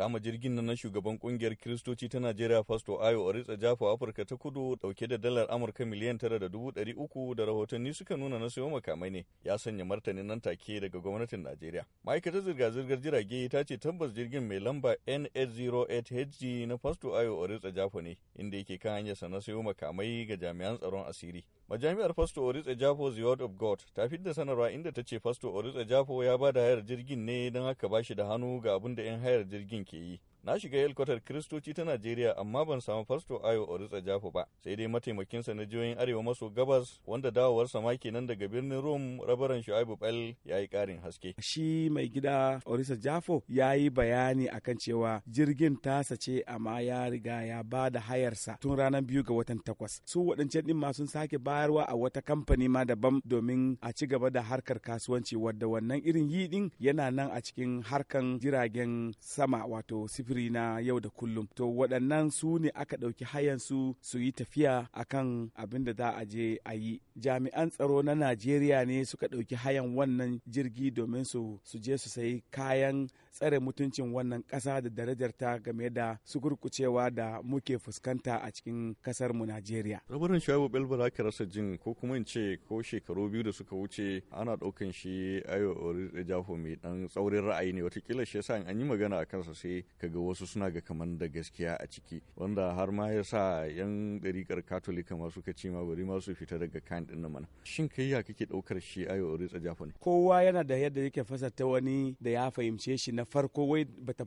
kama jirgin na shugaban kungiyar kiristoci ta najeriya fasto ayo oritsa jafa afirka ta kudu dauke da dalar amurka miliyan tara da dubu dari uku da rahotanni suka nuna na sayo makamai ne ya sanya martanin nan take daga gwamnatin najeriya ma'aikatar zirga-zirgar jirage ta ce tabbas jirgin mai lamba nh 08 hg na fasto ayo oritsa jafo ne inda yake kan hanyarsa na sayo makamai ga jami'an tsaron asiri majami'ar fasto oritsa jafo the word of god ta da sanarwa inda ta ce fasto oritsa jafo ya ba da hayar jirgin ne don haka ba shi da hannu ga abin da 'yan hayar jirgin Nike na shiga yalkwatar kiristoci ta najeriya amma ban samu fasto ayo oritsa jafo ba sai dai mataimakinsa na jihohin arewa maso gabas wanda dawowarsa ma nan daga birnin rom rabaran shu'aibu bal ya yi karin haske shi mai gida orisa jafo ya yi bayani akan cewa jirgin tasa ce amma ya riga ya ba da hayarsa tun ranar biyu ga watan takwas su waɗancan ɗin masu sake bayarwa a wata kamfani ma daban domin a ci gaba da harkar kasuwanci wadda wannan irin yi ɗin yana nan a cikin harkan jiragen sama wato sifi sufuri na yau da kullum to waɗannan su ne aka ɗauki hayansu su yi tafiya akan abin da za a je a yi jami'an tsaro na najeriya ne suka ɗauki hayan wannan jirgi domin su su je su sayi kayan tsare mutuncin wannan ƙasa da darajar ta game da sukurkucewa da muke fuskanta a cikin ƙasar mu najeriya rabarin shawabu belbara ka rasa jin ko kuma in ce ko shekaru biyu da suka wuce ana ɗaukan shi ayo ori da jaho mai ɗan tsaurin ra'ayi ne watakila shi yasa an yi magana a kansa sai kaga ga wasu suna ga kamar da gaskiya a ciki wanda har ma ya sa yan ɗarikar katolika ma suka ce ma bari ma su fita daga kan ɗin mana shin kai ya kake ɗaukar shi ayo ritsa jafan kowa yana da yadda yake fasarta wani da ya fahimce shi na farko wai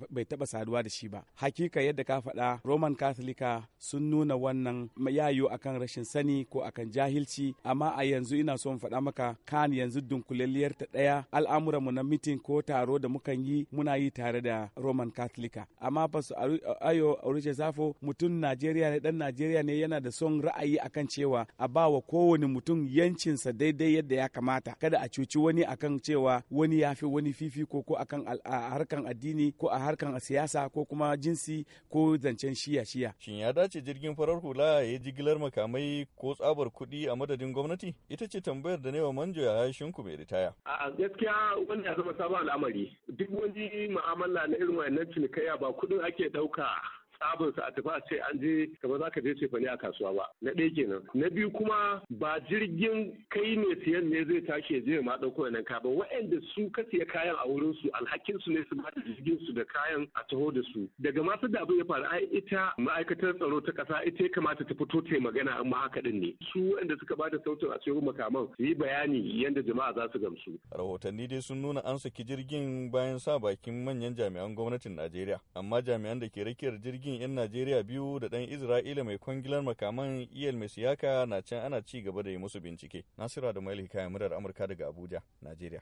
bai taɓa saduwa da shi ba hakika yadda ka faɗa roman katolika sun nuna wannan yayo akan rashin sani ko akan jahilci amma a yanzu ina son faɗa maka kan yanzu dunkulalliyar ta ɗaya al'amuranmu na mitin ko taro da mukan yi muna yi tare da roman katolika amma su ayo orishe safo mutum najeriya ne dan najeriya ne yana da son ra'ayi akan cewa a ba wa kowane mutum yancinsa daidai yadda ya kamata kada a cuci wani akan cewa wani ya fi wani fifi ko ko akan harkan addini ko a harkan siyasa ko kuma jinsi ko zancen shiya shiya shin ya dace jirgin farar hula ya jigilar makamai ko tsabar kuɗi a madadin gwamnati ita ce tambayar da nawa manjo ya shinku mai ritaya a gaskiya wani ya zama sabon al'amari duk wani mu'amala na irin wayannan cinikayya ba kuɗin ake ɗauka tsabinsa a tafi a ce an je kamar za ka je ce ne a kasuwa ba na ɗaya kenan na biyu kuma ba jirgin kai ne siyan ne zai tashi ya je ma ɗauko nan ka ba waɗanda su ka siya kayan a wurin su alhakin su ne su ba jirgin su da kayan a taho da su daga masu da abin ya faru ai ita ma'aikatar tsaro ta ƙasa ita ya kamata ta fito ta magana ma haka ne su waɗanda suka ba da sautin a cikin makaman su yi bayani yadda jama'a za su gamsu. rahotanni dai sun nuna an saki jirgin bayan sa bakin manyan jami'an gwamnatin najeriya amma jami'an da ke rakiyar jirgin Sojojin 'yan Najeriya biyu da ɗan Isra'ila mai kwangilar makaman mai Mesiyaka na can ana ci gaba da yi musu bincike. Nasira da Maili kayan murar Amurka daga Abuja, Najeriya.